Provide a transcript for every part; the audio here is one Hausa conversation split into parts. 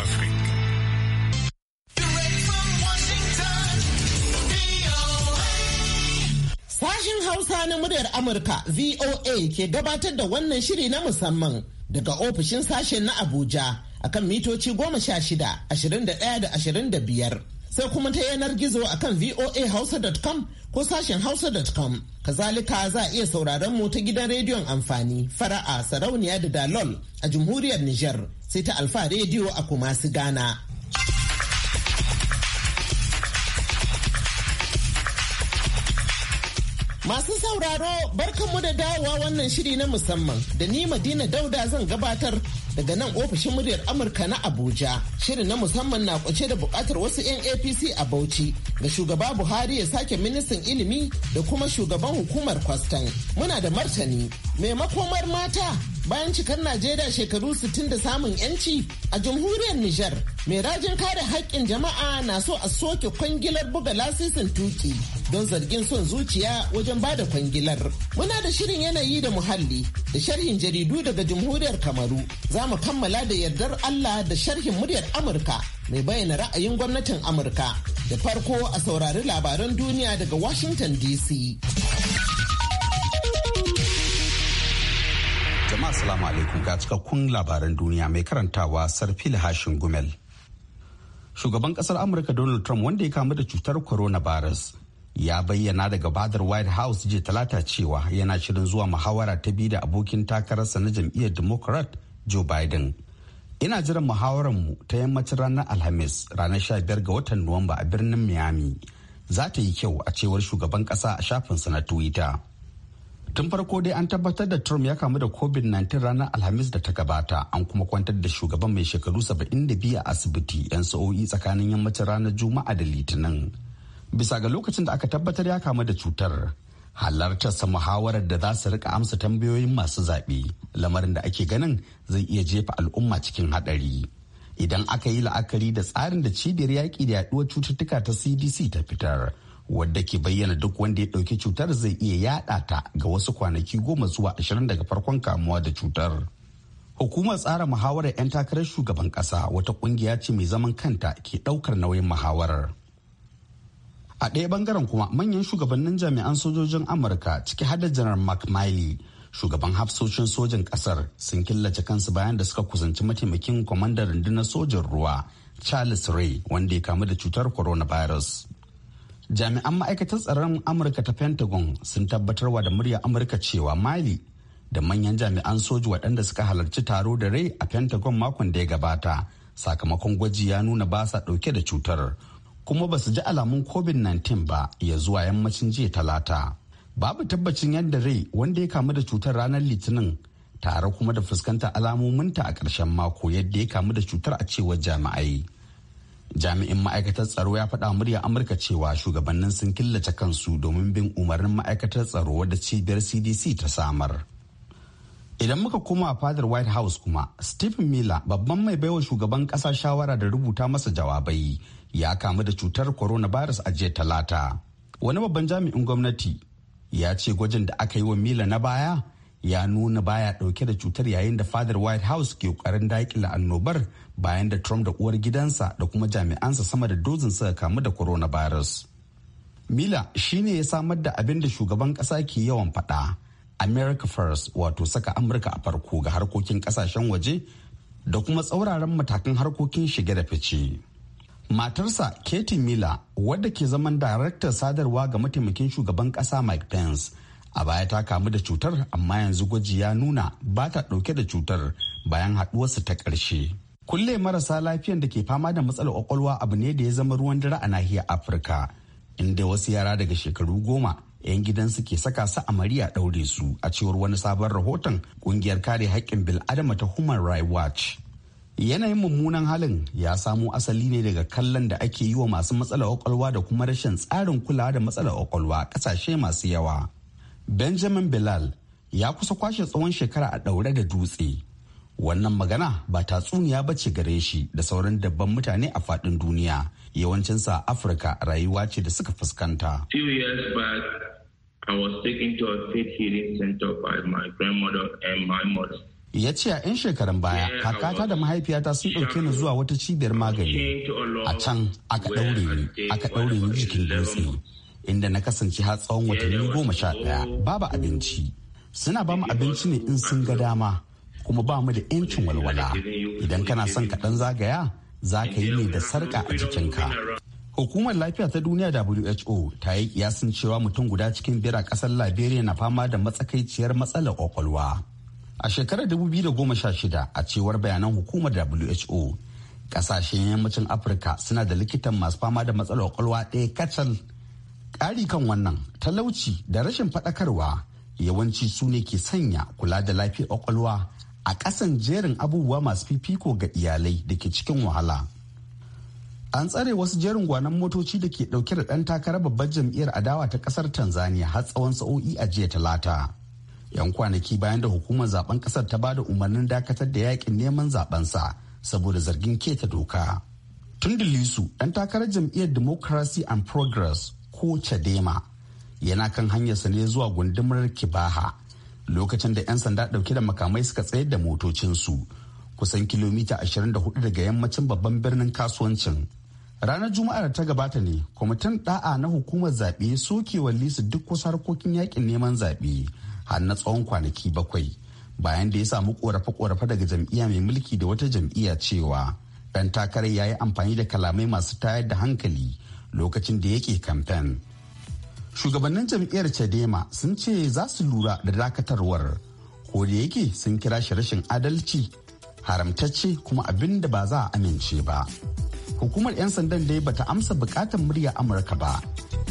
Afrique. Hausa na muryar Amurka VOA ke gabatar da wannan shiri na musamman daga ofishin sashen na Abuja akan mitoci goma sha shida, ashirin da ɗaya da ashirin da biyar. sai kuma ta yanar gizo a akan voahausa.com ko sashen hausa.com. Kazalika za a iya sauraron mu ta gidan rediyon amfani fara'a sarauniya da dalol a jamhuriyar Nijar sai ta alfa rediyo a kumasi gana Masu sauraro barkanmu da dawowa wannan shiri na musamman da ni Madina Dauda zan gabatar daga nan ofishin muryar Amurka na Abuja. Shirin na musamman na kwace da bukatar wasu 'yan APC a Bauchi ga shugaba Buhari ya sake ministan ilimi da kuma shugaban hukumar kwastan. Muna da martani. Mai makomar mata bayan cikar Najeriya shekaru 60 da samun 'yanci a jamhuriyar Nijar. Mai rajin kare haƙƙin jama'a na so a soke kwangilar buga lasisin tuki. don zargin son zuciya wajen bada kwangilar. Muna da shirin yanayi da muhalli da sharhin jaridu daga Jamhuriyar Kamaru. Za mu kammala da yardar Allah da sharhin muryar Amurka mai bayyana ra'ayin gwamnatin Amurka. Da farko a saurari labaran duniya daga Washington DC. Jama'a salamu alaikum ga cikakkun labaran duniya mai karantawa Sarfil Hashin Gumel. Shugaban ƙasar Amurka Donald Trump wanda ya kamu da cutar coronavirus ya bayyana daga badar white house jiya talata cewa yana shirin zuwa muhawara ta biyu da abokin takararsa na jam'iyyar democrat joe biden ina jiran muhawarar mu ta yammacin ranar alhamis ranar 15 ga watan nuwamba a birnin miami za ta yi kyau a cewar shugaban kasa a shafin sa na twitter tun farko dai an tabbatar da trump ya kamu da covid-19 ranar alhamis da ta gabata an kuma kwantar da shugaban mai shekaru 72 a asibiti 'yan sa'o'i tsakanin yammacin ranar juma'a da litinin bisa ga lokacin da aka tabbatar ya kamu da cutar Halartar halartarsa muhawarar da za su rika amsa tambayoyin masu zaɓe lamarin da ake ganin zai iya jefa al'umma cikin haɗari idan aka yi la'akari da tsarin da cibiyar yaƙi da yaɗuwar cututtuka ta cdc ta fitar wadda ke bayyana duk wanda ya ɗauki cutar zai iya yaɗa ta ga wasu kwanaki goma zuwa ashirin daga farkon kamuwa da cutar hukumar tsara muhawarar 'yan takarar shugaban ƙasa wata ƙungiya ce mai zaman kanta ke ɗaukar nauyin muhawarar a ɗaya bangaren kuma manyan shugabannin jami'an sojojin amurka ciki hada janar mark miley shugaban hafsoshin sojin ƙasar sun killace kansu bayan da suka kusanci mataimakin kwamandan rundunar sojin ruwa charles ray wanda ya kamu da cutar coronavirus jami'an ma'aikatar tsaron amurka ta pentagon sun tabbatarwa da murya amurka cewa mali da manyan jami'an soji waɗanda suka halarci taro da rai a pentagon makon da ya gabata sakamakon gwaji ya nuna ba sa ɗauke da cutar kuma ba su ji alamun covid-19 ba ya zuwa yammacin jiya talata babu tabbacin yadda rai wanda ya kamu da cutar ranar litinin tare kuma da fuskantar alamominta a ƙarshen mako yadda ya kamu da cutar a cewar jami'ai jami'in ma'aikatar tsaro ya faɗa murya amurka cewa shugabannin sun killace kansu domin bin umarnin ma'aikatar tsaro wadda cibiyar cdc ta samar idan muka koma a fadar white house kuma stephen miller babban mai baiwa shugaban ƙasa shawara da rubuta masa jawabai ya kamu da cutar coronavirus a jiya talata wani babban jami'in gwamnati ya ce gwajin da aka yi wa mila na baya ya nuna baya dauke da cutar yayin da fadar white house ke kokarin daƙila annobar bayan da trump da uwar gidansa da kuma jami'ansa sama da dozin suka kamu da corona coronavirus mila shine ya samar da abin da shugaban kasa ke yawan faɗa america first wato saka amurka a farko ga harkokin kasashen waje da kuma tsauraran matakan harkokin shige da fice matarsa katie miller wadda ke zaman daraktar sadarwa ga mataimakin shugaban kasa mike pence a baya ta kamu da cutar amma yanzu gwaji ya nuna ba ta dauke da cutar bayan haduwarsa ta karshe. kulle marasa lafiyan da ke fama da matsalar kwakwalwa abu ne da ya zama ruwan dare a nahiyar afirka inda wasu yara daga shekaru goma 'yan gidan su ke saka su a mariya ɗaure su a cewar wani sabon rahoton kungiyar kare haƙƙin bil'adama ta human rights watch Yanayin mummunan halin ya samo asali ne daga kallon da ake yi wa masu matsalar kwakwalwa da kuma rashin tsarin kulawa da matsalar kwakwalwa kasashe masu yawa. Benjamin Bilal ya kusa kwashe tsawon shekara a ɗaure da dutse. Wannan magana ba tatsuniya ba ce gare shi da sauran dabban mutane a faɗin duniya. Yawancinsa a Afirka rayuwa ce da suka fuskanta. I was taken to a faith healing center by my grandmother and my mother. ya ce a 'yan shekarun baya eh, kakata da mahaifiyata sun ɗauke ni zuwa wata cibiyar magani a can aka ɗaure ni aka ɗaure ni jikin dutse inda na kasance har tsawon watanni goma sha ɗaya babu abinci suna bamu abinci ne in sun ga dama kuma ba mu da 'yancin walwala idan kana son ka ɗan zagaya za ka yi ne da sarƙa a jikinka hukumar lafiya ta duniya who ta yi kiyasin cewa mutum guda cikin biyar a ƙasar liberia na fama da matsakaiciyar matsalar kwakwalwa A shekarar 2016 a cewar bayanan hukumar WHO, kasashen yammacin Afirka suna da likitan masu fama da matsalar kwakwalwa ɗaya kacal. Ƙari kan wannan talauci da rashin faɗakarwa yawanci su ne ke sanya kula da lafiyar kwakwalwa a ƙasan jerin abubuwa masu fifiko ga iyalai da ke cikin wahala. An tsare wasu jerin gwanon motoci da ke ɗauke da ɗan takarar babbar jam'iyyar adawa ta ƙasar Tanzania har tsawon sa'o'i a jiya talata. yan kwanaki bayan da hukumar zaben kasar ta bada umarnin dakatar da yakin neman zabensa saboda zargin keta doka tun da lisu dan takarar jam'iyyar democracy and progress ko chadema yana kan hanyarsa ne zuwa gundumar kibaha lokacin da 'yan sanda ɗauke da makamai suka tsayar da motocinsu kusan kilomita 24 daga yammacin babban birnin kasuwancin ranar juma'ar ta gabata ne kwamitin ɗa'a na hukumar zaɓe soke lisu duk wasu harkokin yakin neman zaɓe har na tsawon kwanaki bakwai bayan da ya samu korafe-korafe daga jam'iyya mai mulki da wata jam'iyya cewa ɗan takarar ya yi amfani da kalamai masu tayar da hankali lokacin da yake kamfen. Shugabannin jam'iyyar Chadema sun ce za su lura da dakatarwar ko da yake sun kira shi rashin adalci haramtacce kuma abin da ba za a amince ba. Hukumar 'yan sandan dai bata amsa bukatar murya Amurka ba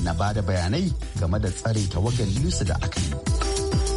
na ba da bayanai game da tsare ta wagan Lusu da aka yi.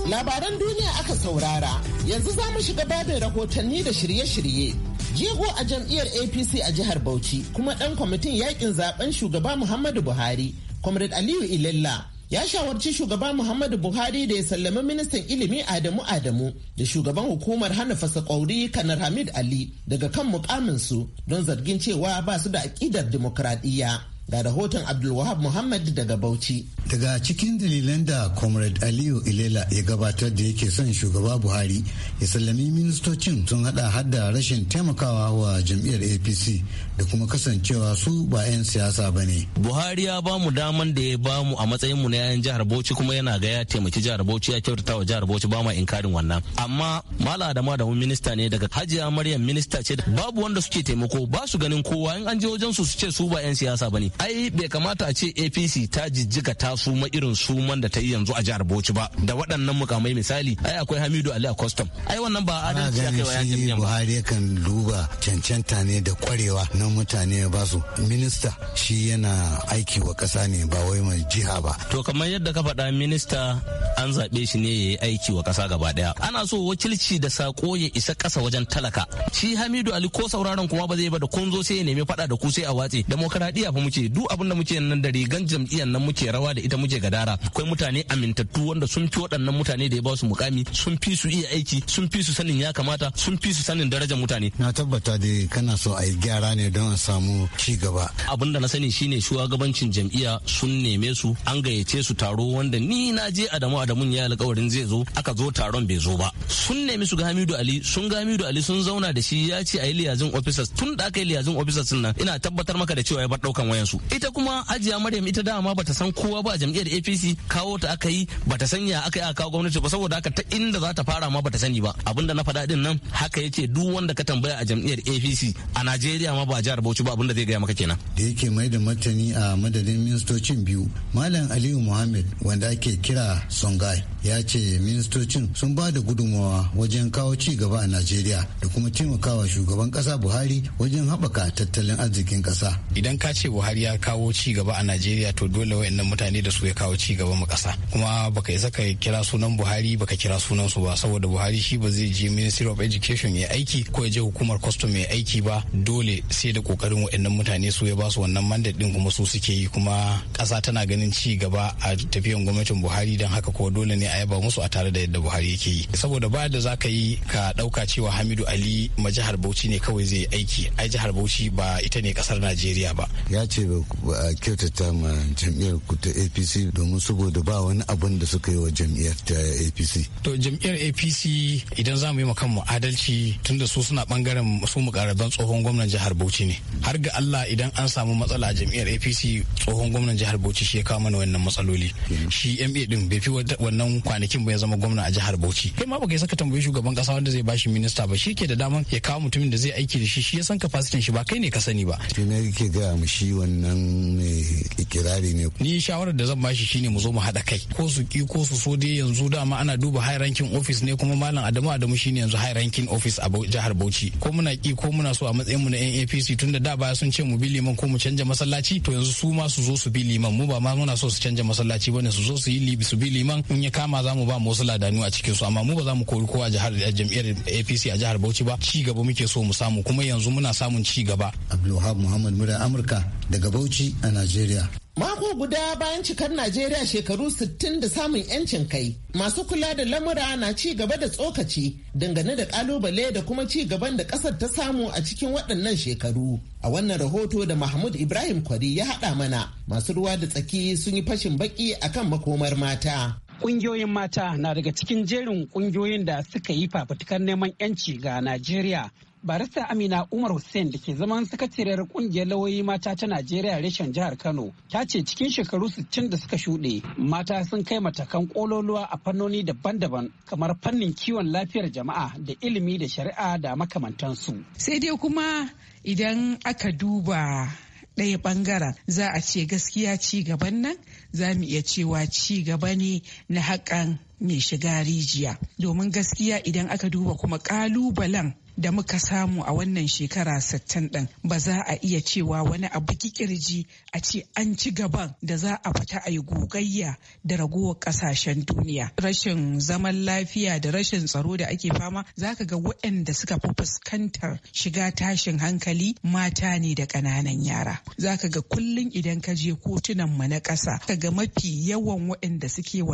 Labaran duniya aka saurara, yanzu za mu shiga babin rahotanni da shirye-shirye. Jego a jam'iyyar APC a jihar Bauchi kuma ɗan kwamitin yakin zaben shugaba Muhammadu Buhari, Comrade Aliyu Ilela ya shawarci shugaba Muhammadu Buhari da ya sallami ministan ilimi Adamu Adamu da shugaban hukumar hana fasa kwauri Kanar Hamid Ali daga kan mukaminsu don zargin cewa ba su da aƙidar dimokuraɗiyya. da rahoton abdulwahab muhammad daga bauchi daga cikin dalilan da comrade aliyu ilela ya gabatar da yake son shugaba buhari ya sallami ministocin sun hada hada rashin taimakawa wa jam'iyyar apc da kuma kasancewa su ba 'yan siyasa ba ne buhari ya ba mu daman da ya ba mu a matsayin mu na 'yan jihar bauchi kuma yana ga ya taimaki jihar bauchi ya kyautata wa jihar bauchi ba ma inkarin wannan amma mala adama da minista ne daga hajiya maryam minista ce babu wanda suke taimako ba su ganin kowa in an je wajen su su ce su ba 'yan siyasa ba ne ai bai kamata a ce apc ta jijjiga ta suma irin suman da ta yi yanzu a jihar bauchi ba da waɗannan mukamai misali ai akwai hamidu ali a custom ai wannan ba adalci ya kai wa yankin buhari kan duba cancanta ne da kwarewa na mutane ba su minista shi yana aiki wa ƙasa ne ba wai mai jiha ba to kamar yadda ka faɗa minista an zaɓe shi ne ya yi aiki wa ƙasa gaba ɗaya ana so wakilci da sako ya isa ƙasa wajen talaka shi hamidu ali ko sauraron kuma ba zai ba da kunzo sai ya nemi faɗa da ku sai a watse demokradiya fa muke duk abin da muke nan da rigan jam'iyyar nan muke rawa da ita muke gadara akwai mutane amintattu wanda sun fi waɗannan mutane da ya ba su mukami sun fi su iya aiki sun fi su sanin ya kamata sun fi su sanin darajar mutane na tabbata da kana so a yi gyara ne don a samu ci gaba abin da na sani shine shugabancin jam'iyya sun neme su an gayyace su taro wanda ni na je Adamu Adamun ya alƙawarin zai zo aka zo taron bai zo ba sun nemi su ga Hamidu Ali sun ga Hamidu Ali sun zauna da shi ya ce a yi liyazin officers tun da aka yi liyazin officers nan ina tabbatar maka da cewa ya bar ɗaukan wayansu su ita kuma ajiya maryam ita dama bata san kowa ba jam'iyyar apc kawo ta aka yi bata san ya aka yi aka kawo gwamnati ba saboda haka ta inda za ta fara ma bata sani ba abinda na faɗa din nan haka yake duk wanda ka tambaya a jam'iyyar apc a najeriya ma ba jihar bauchi ba abinda zai gaya maka kenan da yake mai da martani a madadin ministocin biyu malam aliyu muhammad wanda ake kira songai ya ce ministocin sun ba da gudunmawa wajen kawo ci gaba a najeriya da kuma taimakawa shugaban kasa buhari wajen haɓaka tattalin arzikin kasa idan ka ce buhari ya kawo ci gaba a najeriya to dole wayannan mutane da su ya kawo ci gaba mu kasa kuma baka isa ka kira sunan buhari baka kira sunan su ba saboda buhari shi ba zai je ministry of education ya aiki ko ya je hukumar custom ya aiki ba dole sai da kokarin wayannan mutane su ya ba su wannan mandate din kuma su suke yi kuma kasa tana ganin ci gaba a tafiyan gwamnatin buhari dan haka ko dole ne a yaba musu a tare da yadda buhari yake yi saboda ba da za ka yi ka dauka cewa hamidu ali ma bauchi ne kawai zai aiki ai jihar bauchi ba ita ne kasar najeriya ba ya ce daga kyautata ma jam'iyyar ku ta apc domin saboda ba wani abin da suka yi wa jam'iyyar ta apc to jam'iyyar apc idan za mu yi muadalci adalci tunda su suna bangaren su mukarraban tsohon gwamnan jihar bauchi ne har ga allah idan an samu matsala a jam'iyyar apc tsohon gwamnan jihar bauchi shi ya kawo mana wannan matsaloli shi ma din bai fi wannan kwanakin ba ya zama gwamna a jihar bauchi kai ma baka yi saka tambayi shugaban kasa wanda zai bashi minista ba shi ke da daman ya kawo mutumin da zai aiki da shi shi ya san kafasitin shi ba kai ne ka sani ba. na ne ke gaya mu shi wannan wannan ikirari ne ni shawarar da zan bashi shine mu zo mu haɗa kai ko su ki ko su so dai yanzu dama ana duba high ranking office ne kuma malam Adamu Adamu shine yanzu high ranking office a jihar Bauchi ko muna ki ko muna so a matsayin mu na NAPC tunda da baya sun ce mu bi liman ko mu canja masallaci to yanzu su ma su zo su bi liman mu ba ma muna so su canja masallaci bane su zo su yi libi su bi liman in ya kama za mu ba mu wasu ladanu a cikin su amma mu ba za mu kori kowa jihar jam'iyyar APC a jihar Bauchi ba ci gaba muke so mu samu kuma yanzu muna samun ci gaba Abdulwahab Muhammad Mura Amurka daga Bauchi a Najeriya. Mako guda bayan cikar Najeriya shekaru 60 da samun 'yancin kai, masu kula da lamura na ci gaba da tsokaci dangane da kalubale da kuma ci gaban da kasar ta samu a cikin waɗannan shekaru. A wannan rahoto da Mahmud Ibrahim Kwari ya haɗa mana, masu ruwa da tsaki sun yi fashin baki akan makomar mata. Ƙungiyoyin mata na daga cikin jerin ƙungiyoyin da suka yi fafutukar neman 'yanci ga Najeriya barista amina umar hussein da ke zaman sakatariyar kungiyar lauyoyi mata ta najeriya reshen jihar kano ta ce cikin shekaru 60 da suka shuɗe mata sun kai matakan kololuwa a fannoni daban-daban kamar fannin kiwon lafiyar jama'a da ilimi da shari'a da makamantansu sai dai kuma idan aka duba ɗaya ɓangaren za a ce gaskiya ci gaban nan za mu iya cewa ci gaba ne na haƙan mai shiga rijiya domin gaskiya idan aka duba kuma ƙalubalen da muka samu a wannan shekara sittin ɗin ba za a iya cewa wani abu kikirji a ce an ci gaban da za a fita a yi gogayya da ragowar ƙasashen duniya. Rashin zaman lafiya da rashin tsaro da ake fama za ka ga waɗanda suka fi fuskantar shiga tashin hankali mata ne da ƙananan yara. Za ka ga kullum idan ka je kotunan mu na ƙasa ka ga mafi yawan waɗanda suke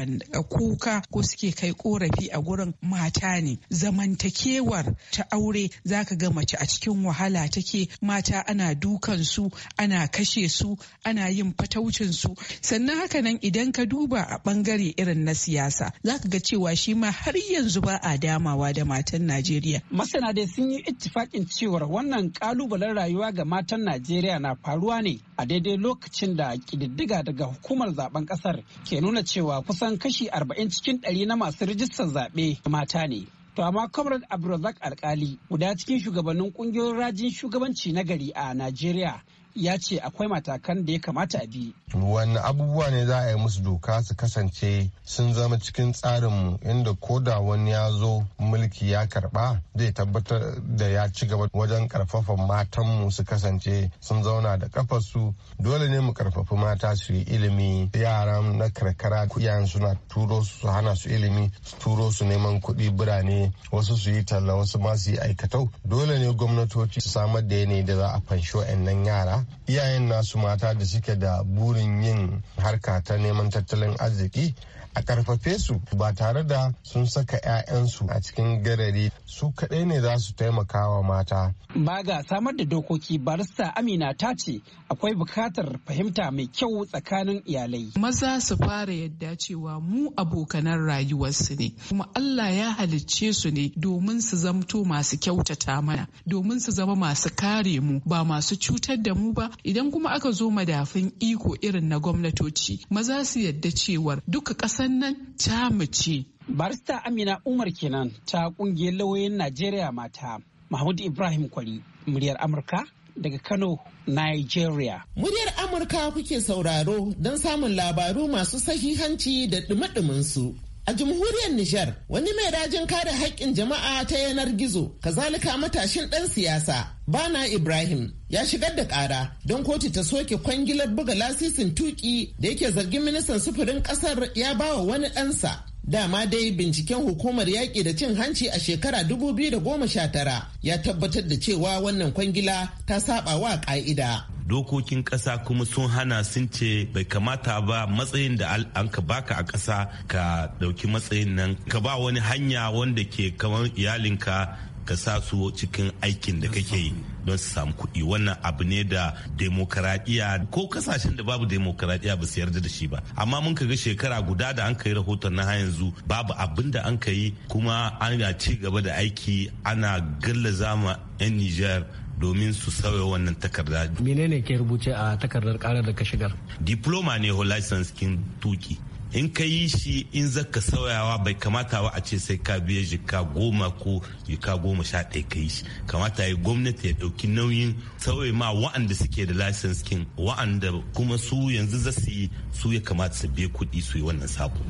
kuka ko suke kai ƙorafi a gurin mata ne zamantakewar ta aure aure zaka ga mace a cikin wahala take mata ana dukan su ana kashe su ana yin fataucin su sannan haka nan idan ka duba a bangare irin na siyasa zaka ga cewa shi ma har yanzu ba a damawa da matan Najeriya masana dai sun yi ittifakin cewar wannan kalubalen rayuwa ga matan Najeriya na faruwa ne a daidai lokacin da kididdiga daga hukumar zaben kasar ke nuna cewa kusan kashi 40 cikin 100 na masu rijistar zaɓe mata ne To amma Comrade Abdulrazak Alkali guda cikin shugabannin kungiyoyin rajin shugabanci na gari a Najeriya ya ce akwai matakan da ya kamata a bi. Wani abubuwa ne za a yi musu doka su kasance sun zama cikin tsarinmu inda koda wani ya zo mulki ya karba zai tabbatar da ya ci gaba wajen karfafa matanmu su kasance sun zauna da kafarsu dole ne mu karfafi mata su yi ilimi yara na karkara kuyan suna turo su hana su ilimi su turo su neman kuɗi birane wasu su yi talla wasu ma su yi aikatau dole ne gwamnatoci su samar da yanayi da za a fansho 'yan yara iyayen nasu mata da suke da burin yin harka ta neman tattalin arziki a karfafe su ba tare da sun saka 'ya'yansu a cikin garari su kaɗai ne za su taimaka wa mata. Ba ga samar da dokoki barista Amina ta ce akwai bukatar fahimta mai kyau tsakanin iyalai. Maza su fara yadda cewa mu abokanan rayuwarsu ne kuma Allah ya halicce su ne domin su zamto masu kyautata mana domin su zama masu kare mu ba masu cutar da mu ba idan kuma aka zo madafin iko irin na gwamnatoci maza su yadda cewar duka ƙasar sannan ta mace. Barista Amina Umar kenan ta kungiyar lauyoyin Najeriya mata Mahmud Ibrahim Kwari muryar Amurka daga Kano, Nigeria. Muryar Amurka kuke sauraro don samun labaru masu sahihanci da ɗumi su A jamhuriyar Nijar, wani mai rajin kare haƙƙin jama'a ta yanar gizo, kazalika matashin ɗan siyasa, Bana Ibrahim, ya shigar da ƙara don kotu ta soke kwangilar buga lasisin tuki da yake zargin ministan sufurin ƙasar ya bawa wani ɗansa. Dama dai binciken hukumar yaƙi da cin hanci a shekara 2019 ya tabbatar da cewa wannan kwangila ta saba wa ƙa'ida. dokokin ƙasa kuma sun hana sun ce bai kamata ba matsayin da an ka baka a kasa ka ɗauki matsayin nan ka ba wani hanya wanda ke kamar iyalinka ka sa su cikin aikin da kake yi don su samu kuɗi wannan abu ne da demokaradiyya ko kasashen da babu demokaradiyya ba su yarda da shi ba amma mun ga shekara guda da an kai rahoton na yanzu babu abin da an kai kuma ana ci gaba da aiki ana gallaza ma 'yan Nijar domin su sauya wannan takarda menene ke rubuce a takardar karar da ka shigar diploma ne ho license tuki in ka yi shi in zaka sauyawa bai kamata ba a ce sai ka biya jika goma ko jika goma sha ɗaya ka yi shi kamata ya gwamnati ya ɗauki nauyin sauyi ma wa'anda suke da kin wa'anda kuma su yanzu za su yi su ya kamata su biya kuɗi su yi wannan sabo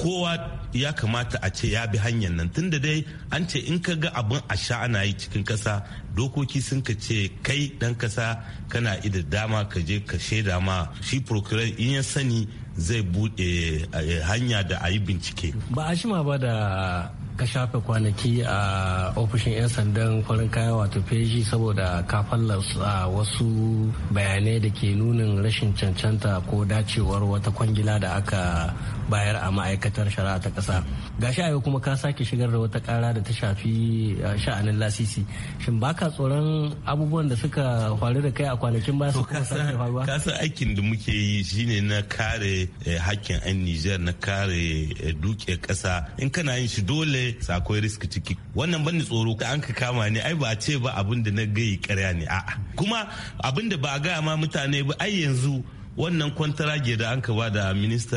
kowa ya kamata a ce ya bi hanyar nan tunda dai an ce in ka ga abin a sha ana yi cikin kasa dokoki sun ka ce kai ɗan kasa kana ida dama ka je ka shaida ma shi procureur in ya sani zai buɗe eh, hanya da a yi bincike ba a shima ba da ka shafe kwanaki a ofishin 'yan sandan farin kaya wato feji saboda ka fallasa wasu bayanai da ke nunin rashin cancanta ko dacewar wata kwangila da aka bayar a ma'aikatar shari'a ta ƙasa gashi ayo kuma ka sake shigar da wata ƙara da ta shafi sha'anin lasisi shin baka tsoron abubuwan da suka faru da kai a kwanakin ba su kuma sake faruwa kasan aikin da muke yi shine na kare eh, hakkin 'yan Nijar na kare eh, duke ƙasa in kana yin shi dole sa akwai risk ciki wannan bani tsoro ka an ka kama ni ai ba a ce ba abin da na gayi karya ne a'a kuma abin da ba a gaya ma mutane ba ai yanzu wannan kwantarage da an ka ba da minista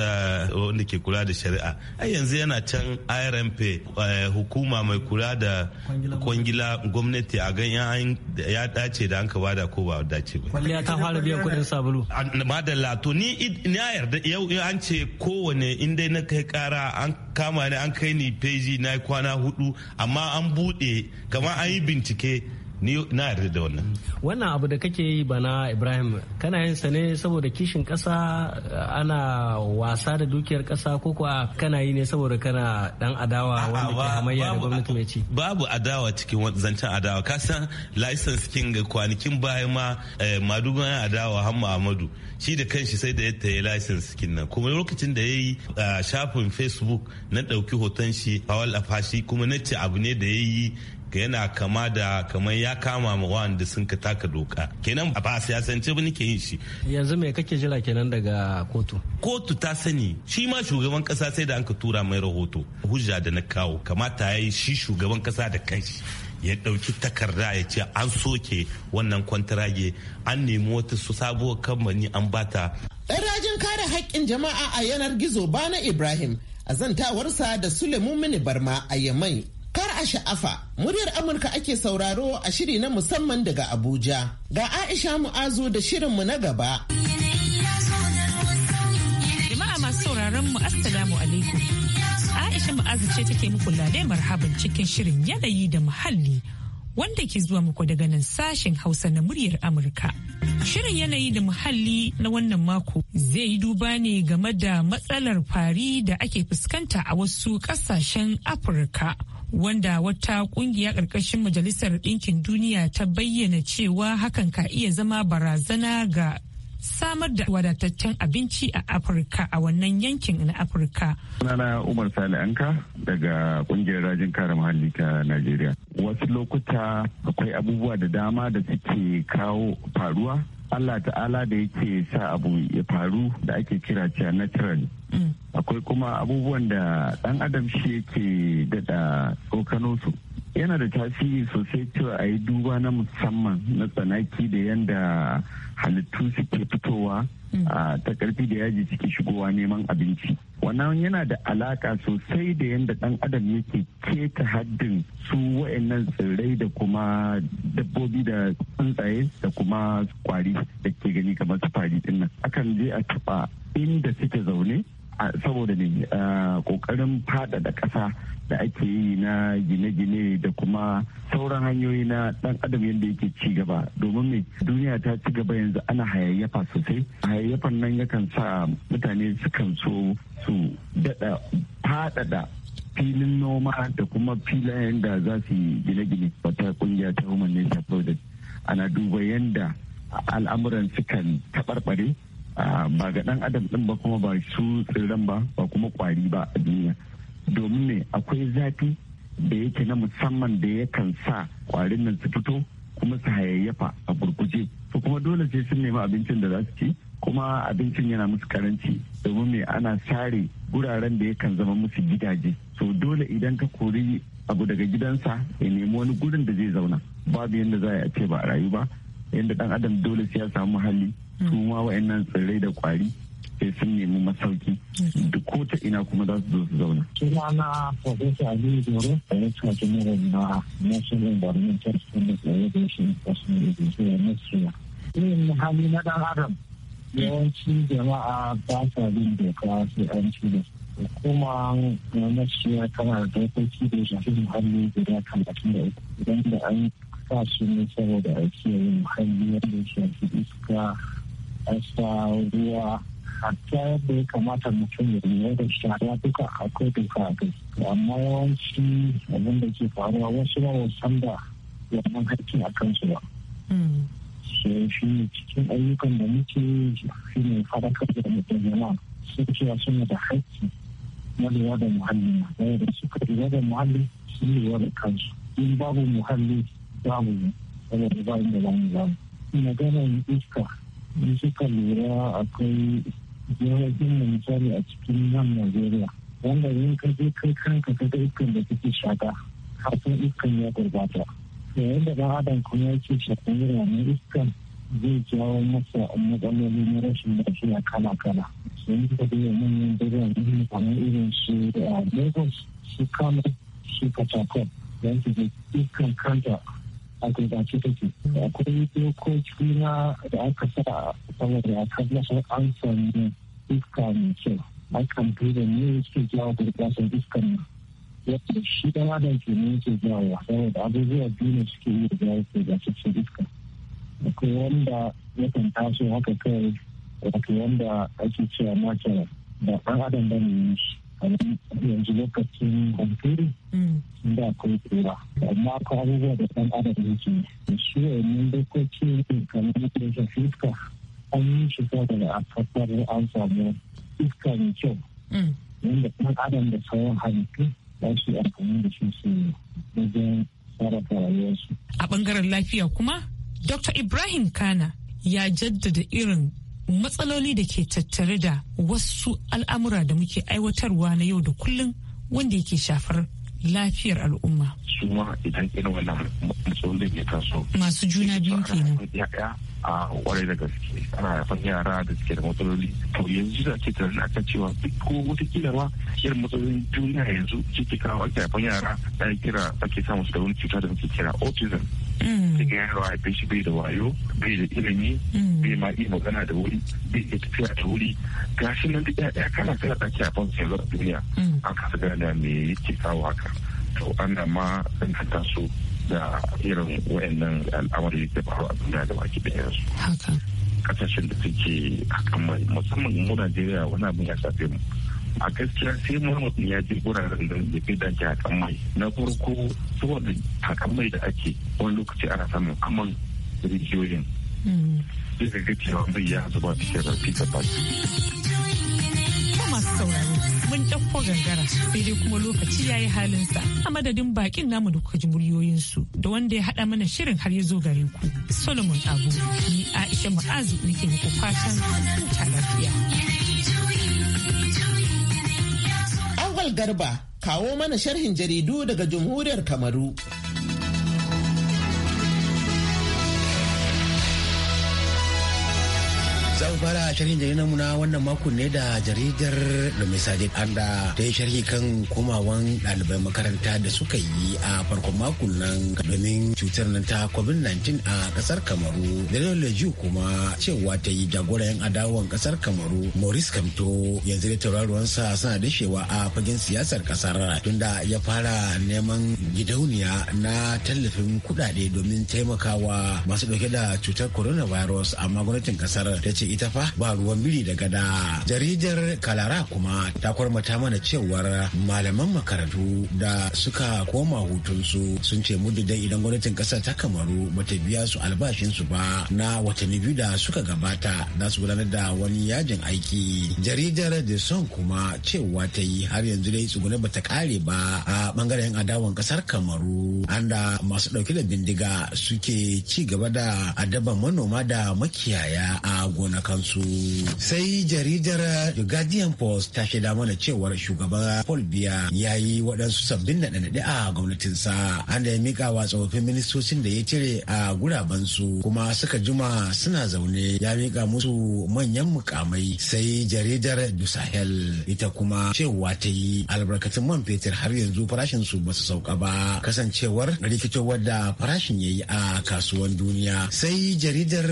eh, wanda ke kula da shari'a ai yanzu yana can irmp eh, hukuma mai kula da kwangila gwamnati a gan ya dace da an ka ba da ko ba dace ba kwalliya ta fara biyan kudin sabulu madalla to ni na yarda yau an ce kowane inda na kai kara an kama ni an kai ni peji na kwana hudu amma an bude kamar an yi bincike ni na yarda da wannan wannan abu da kake yi bana ibrahim kana yin sa ne saboda kishin kasa ana wasa da dukiyar kasa ko kuwa kana yi ne saboda kana dan adawa wanda ke hamayya da gwamnati mai ci babu adawa cikin zancen adawa ka san license king kwanakin bayan ma eh, maduban adawa hamma amadu shi da kanshi sai da ya tayi license king nan kuma lokacin da ya yi eh, shafin facebook na ɗauki hoton shi fawal afashi kuma na ce abu ne da ya yi yana kama da kamar ya kama ma wanda sun ka taka doka kenan ba a siyasance ba nake yin shi yanzu me kake jira kenan daga kotu kotu ta sani shi ma shugaban kasa sai da an ka tura mai rahoto hujja da na kawo kamata ya yi shi shugaban kasa da kanshi ya dauki takarda ya ce an soke wannan kwantarage an nemi wata su sabuwar kamfani an bata. ɗan rajin kare haƙƙin jama'a a yanar gizo bana ibrahim a zantawarsa da sulemu mini barma a yamai a sha'afa muryar Amurka ake sauraro a shiri na musamman daga Abuja. Ga Aisha Mu'azu da shirinmu na gaba. Jama'a masu sauraron mu Assalamu alaikum. Aisha Mu'azu ce take muku lale marhaban cikin shirin yanayi da muhalli wanda ke zuwa muku daga nan sashen Hausa na muryar Amurka. Shirin yanayi da muhalli na wannan mako zai yi duba ne game da matsalar fari da ake fuskanta a wasu kasashen Afirka wanda wata kungiya ƙarƙashin majalisar ɗinkin duniya ta bayyana cewa hakan ka iya zama barazana ga samar da wadataccen abinci a afirka a wannan yankin na afirka sunana umar sale anka daga kungiyar rajin kare muhalli ta najeriya wasu lokuta akwai abubuwa da dama da suke kawo faruwa Allah ta'ala da yake sa abu ya faru da ake kira cewa natural mm. akwai kuma abubuwan da ɗan adam shi yake daɗa tsokano su yana da tasiri sosai cewa a yi duba na musamman na tsanaki da yadda halittu suke fitowa mm. a ah, ta karfi da yaji suke shigowa neman abinci wannan yana da alaka sosai da yadda dan adam yake keta haddin su wa'annan tsirrai da kuma dabbobi da tsuntsaye da kuma kwari da ke gani kamar su fari dinnan akan je a taba inda suke zaune saboda ne kokarin faɗaɗa kasa da ake yi na gine-gine da kuma sauran hanyoyi na dan adam yadda yake ci gaba domin me duniya ta ci gaba yanzu ana hayayyafa sosai hayayyafan nan yakan sa mutane sukan so su daɗa faɗaɗa filin noma da kuma filayen da za su yi gine-gine wata kungiya ta human nature project ana duba yadda al'amuran sukan tabarbare. Ah, ba ga dan adam din ba kuma ba su tsirran ba ba kuma kwari ba a duniya domin ne akwai zafi da yake na musamman da yakan sa kwarin nan su fito kuma su hayayyafa a gurguje to kuma dole sai sun nemi abincin da za su ci kuma abincin yana musu karanci domin me ana sare guraren da yakan zama musu gidaje so dole idan ka kori abu daga gidansa ya nemi wani gurin da zai zauna babu yadda za a ce ba a rayu ba yadda dan adam dole sai ya samu hali mm. su ma wa'annan tsirrai da kwari sai sun nemi masauki mm. duk ko ta ina kuma za su zo su zauna. Suna na Profesa Ali Doro, da ya cika jimirar na National Environmental Standards Organization for Sustainability and Nutrition. Irin hali na dan adam yawanci jama'a ba sa bin doka sai an ci da kuma gwamnati ya tana da dokoki da shafi muhalli guda talatin da uku idan da an sa su ne saboda a yin muhalli da ya shafi iska ƙasa ruwa hatta yadda ya kamata mutum ya riya da shara duka akwai duka a kai amma yawanci abin da ke faruwa wasu ba wasu san da wannan haƙƙi a kansu ba mm. so shi ne cikin ayyukan da muke shi ne faɗakar da mutum jama'a su cewa suna da haƙƙi na lura da muhalli na da suka lura da muhalli su lura da kansu in babu muhalli samu saboda ba inda za mu zamu maganar iska in suka lura akwai jihohin da misali a cikin nan najeriya wanda in ka je kai kanka ka ga iskan da suke shaka har sun iskan ya gurbata da yadda ɗan adam kuma yake shakan wuraren iskan zai jawo masa matsaloli na rashin lafiya kala kala sun yi da da manyan birane kamar irin su da eh, lagos su kama su katakon don su je iskan kanta a gudace take akwai dokoki na da aka sa saboda a tabbatar an samu iska mai kyau akan duba ne suke jawo gurbatar iskan yadda shi dan adam ke ne ke jawo saboda abubuwa biyu ne suke yi da jawo gurbatar iska akwai wanda yakan taso haka kai wanda ake cewa mace da ɗan adam ba ne shi kamar yanzu lokacin hunturu da mm. akwai tsira amma akwai abubuwa da ɗan adam yake su wannan dokoki kamar shafi iska an yi shi da a tabbatar an samu iska mai kyau wanda mm. ɗan adam da sauran halittu za su yi amfani da shi su wajen sarrafa rayuwarsu. A ɓangaren lafiya kuma, Dr. Ibrahim Kana ya jaddada irin matsaloli da ke tattare da wasu al'amura da muke aiwatarwa na yau da kullum wanda yake shafar lafiyar al'umma. su ma idan irin wannan matsalolin ya taso. masu juna biyu kenan. a ware da gaske ana haifar yara da suke da matsaloli to yanzu za ce tunanin akan cewa duk ko wata ma irin matsalolin duniya yanzu ciki kawo ake haifar yara da kira ake samun su da wani cuta da muke kira autism Daga yaro a shi bai da wayo, bai da ilimi, bai ma iya magana da wuri, bai iya tafiya da wuri. Gashi nan duk ɗaya kana kana ɗaki a ban yanzu a duniya. Mm. An kasa me yake kawo haka. To ana ma ɗankata su da irin wayannan al'amari da faru a duniya da baki ɗayansu. Haka. Kasashen da suke hakan mai musamman mu Najeriya wani abin ya shafe mu. a gaskiya sai mahmud ya ji wuraren da ya da ke a mai na farko saboda hakan mai da ake wani lokaci ana samun kaman rijiyoyin zai hmm. ga cewa mai ya zuba cikin rafi ta masu sauraro mun ɗauko gangara sai dai kuma lokaci ya yi halinsa a madadin bakin namu da kuka ji muryoyinsu da wanda ya haɗa mana shirin har ya zo gare ku solomon abu ni aisha ma'azu nake muku fatan huta lafiya. Jamal Garba kawo mana sharhin jaridu daga Jamhuriyar Kamaru. Za mu fara sharhin jaridar mu na wannan makon ne da jaridar da misali anda ta yi sharhi kan komawan ɗalibai makaranta da suka yi a farkon makon nan domin cutar nan ta COVID-19 a ƙasar Kamaru. Jaridar Leju kuma cewa ta yi jagoran adawan ƙasar Kamaru Maurice Kamto yanzu da tauraruwansa suna dashewa a fagen siyasar ƙasar tunda ya fara neman gidauniya na tallafin kuɗaɗe domin taimakawa masu ɗauke da cutar coronavirus a gwamnatin ƙasar ta ce ce ita fa ba ruwan biri da gada. Jaridar Kalara kuma ta kwarmata mana cewar malaman makarantu da suka koma hutunsu sun ce muddin idan gwamnatin ƙasar ta kamaru bata biya su albashinsu ba na watanni biyu da suka gabata za su gudanar da wani yajin aiki. Jaridar da son kuma cewa ta yi har yanzu dai ba ta kare ba a bangaren adawan kasar Kamaru. Anda masu ɗauke da bindiga suke ci gaba da adaban manoma da makiyaya a gona. na kansu sai jaridar the guardian post ta shaida mana cewar shugaba paul biya ya yi waɗansu sabbin na naɗe a gwamnatinsa an da ya mika wa tsofaffin ministocin da ya cire a su kuma suka juma suna zaune ya mika musu manyan mukamai sai jaridar du sahel ita kuma cewa ta yi albarkatun man fetur har yanzu farashin su basu sauka ba kasancewar rikicewar da farashin ya yi a kasuwan duniya sai jaridar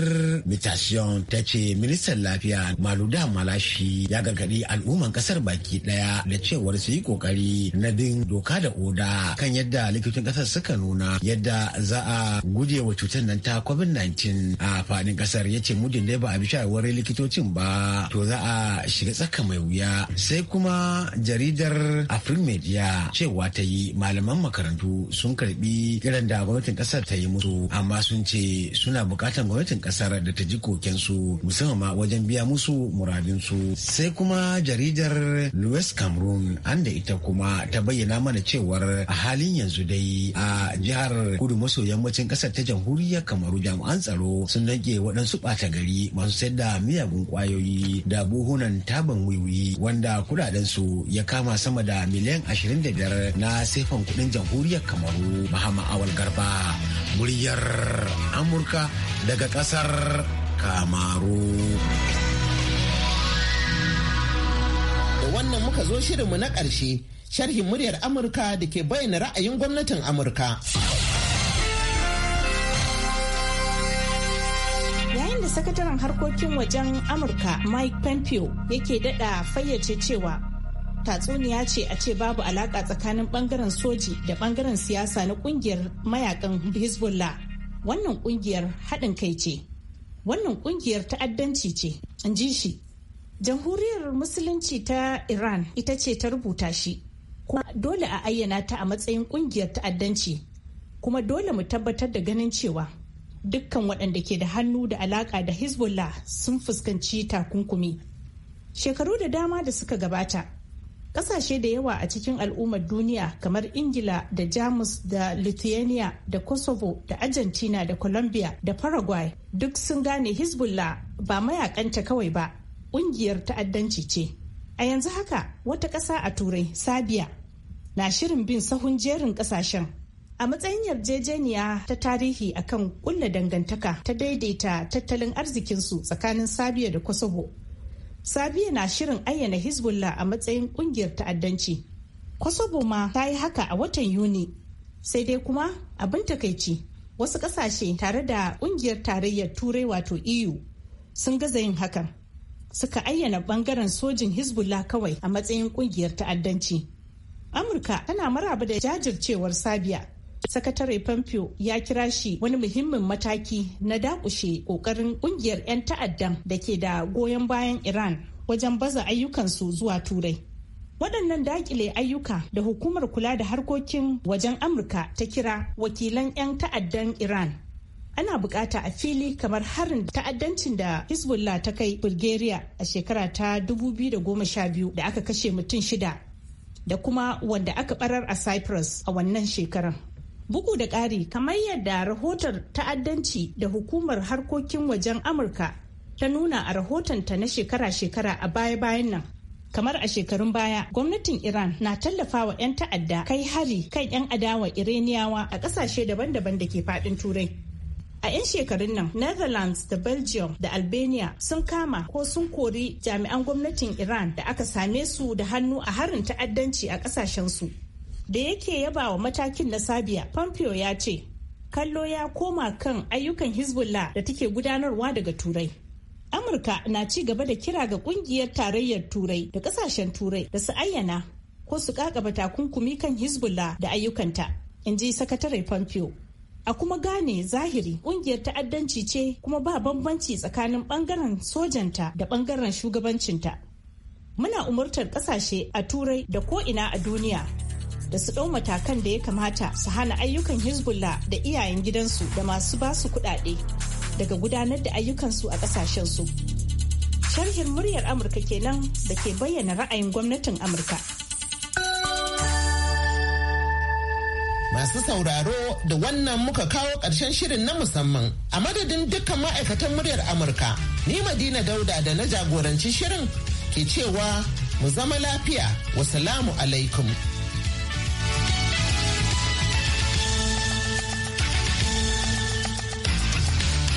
mutation ta ce ministan lafiya maluda malashi ya gargaɗi al'umman ƙasar baki ɗaya da cewar su yi kokari na bin doka da oda kan yadda likitocin ƙasar suka nuna yadda za a guje wa cutar nan ta covid-19 a faɗin ƙasar ya ce mudin dai ba a bi shawarwarin likitocin ba to za a shiga tsaka mai wuya sai kuma jaridar afrin media cewa ta yi malaman makarantu sun karbi kiran da gwamnatin ƙasar ta yi musu amma sun ce suna bukatan gwamnatin ƙasar da ta ji kokensu musamman ma wajen biya musu muradinsu sai kuma jaridar louis cameroon an da ita kuma ta bayyana mana cewar a halin yanzu dai a jihar kudu maso yammacin kasar ta jamhuriyar kamaru jami'an tsaro sun rage waɗansu ɓata gari masu sayar da miyagun ƙwayoyi da buhunan taban wiwi wanda kudaden su ya kama sama da miliyan 25 na sefan kudin jamhuriyar kamaru mahama awal garba muryar amurka daga ƙasar kamaru da wannan muka zo shirinmu na ƙarshe sharhin muryar amurka da ke bayyana ra'ayin gwamnatin amurka yayin da sakataren harkokin wajen amurka mike pompeo yake dada fayyace cewa tatsuniya ce a ce babu alaka tsakanin bangaren soji da bangaren siyasa na kungiyar mayakan hezbollah wannan kungiyar haɗin kai ce wannan kungiyar ta'addanci ce in ji shi jamhuriyar musulunci ta iran ita ce ta rubuta shi kuma dole a ayyana ta a matsayin kungiyar ta'addanci kuma dole mu tabbatar da ganin cewa dukkan waɗanda ke da hannu da alaƙa da hezbollah sun fuskanci takunkumi shekaru da dama da suka gabata Kasashe da yawa a cikin al'ummar duniya kamar Ingila da Jamus da Lithuania da Kosovo da Argentina da Colombia da Paraguay duk sun gane Hezbollah ba mayakanta kawai ba, ƙungiyar ta'addanci ce. A yanzu haka wata ƙasa a Turai, Sabia, na shirin bin sahun jerin ƙasashen. A matsayin yarjejeniya ta tarihi akan kulla dangantaka ta daidaita tattalin arzikinsu tsakanin Sabia da Kosovo Sabiya na shirin ayyana Hezbollah a matsayin kungiyar ta'addanci. Kosovo ma ta yi haka a watan Yuni. Sai dai kuma abin takaici wasu ƙasashe tare da kungiyar tarayyar Turai wato EU sun gaza yin hakan. Suka ayyana bangaren sojin Hezbollah kawai a matsayin kungiyar ta'addanci. Amurka tana maraba da jajircewar Sabiya sakatare pompeo ya kira shi wani muhimmin mataki na dakushe kokarin kungiyar 'yan ta'addan da ke da goyon bayan iran wajen baza ayyukansu zuwa turai waɗannan dakile ayyuka da hukumar kula da harkokin wajen amurka ta kira wakilan 'yan ta'addan iran ana bukata a fili kamar harin ta'addancin da hezbollah ta kai bulgaria a shekara ta 2012 da aka kashe mutum shida da kuma wanda aka barar a cyprus a wannan shekarar Bugu da ƙari kamar yadda rahoton ta'addanci da hukumar harkokin wajen Amurka ta nuna a rahotonta na shekara-shekara a baya-bayan nan. Kamar a shekarun baya, gwamnatin Iran na tallafawa 'yan ta'adda kai hari kan 'yan adawa Iraniyawa a ƙasashe daban-daban da ke faɗin Turai. A 'yan shekarun nan, Netherlands da Belgium da Albania sun kama ko sun kori jami'an gwamnatin Iran da aka same su da hannu a harin ta'addanci a ƙasashensu. da yake yaba wa matakin na sabiya pompeo ya ce kallo ya koma kan ayyukan hezbollah da take gudanarwa daga turai amurka na ci gaba da kira ga kungiyar tarayyar turai da kasashen turai da su ayyana ko su kakaba takunkumi kan hezbollah da ayyukanta in ji sakatare pompeo a kuma gane zahiri kungiyar ta'addanci ce kuma ba bambanci tsakanin bangaren sojanta da bangaren shugabancinta muna umartar kasashe a turai da ko ina a duniya da su ɗau matakan da ya kamata su hana ayyukan hezbollah da iyayen gidansu da masu basu kuɗaɗe daga gudanar da ayyukansu a ƙasashensu sharhin muryar amurka kenan da ke bayyana ra'ayin gwamnatin amurka Masu sauraro da wannan muka kawo ƙarshen shirin na musamman a madadin dukkan ma'aikatan muryar Amurka. Ni Madina Dauda da na jagoranci shirin ke cewa mu zama lafiya. Wasalamu alaikum.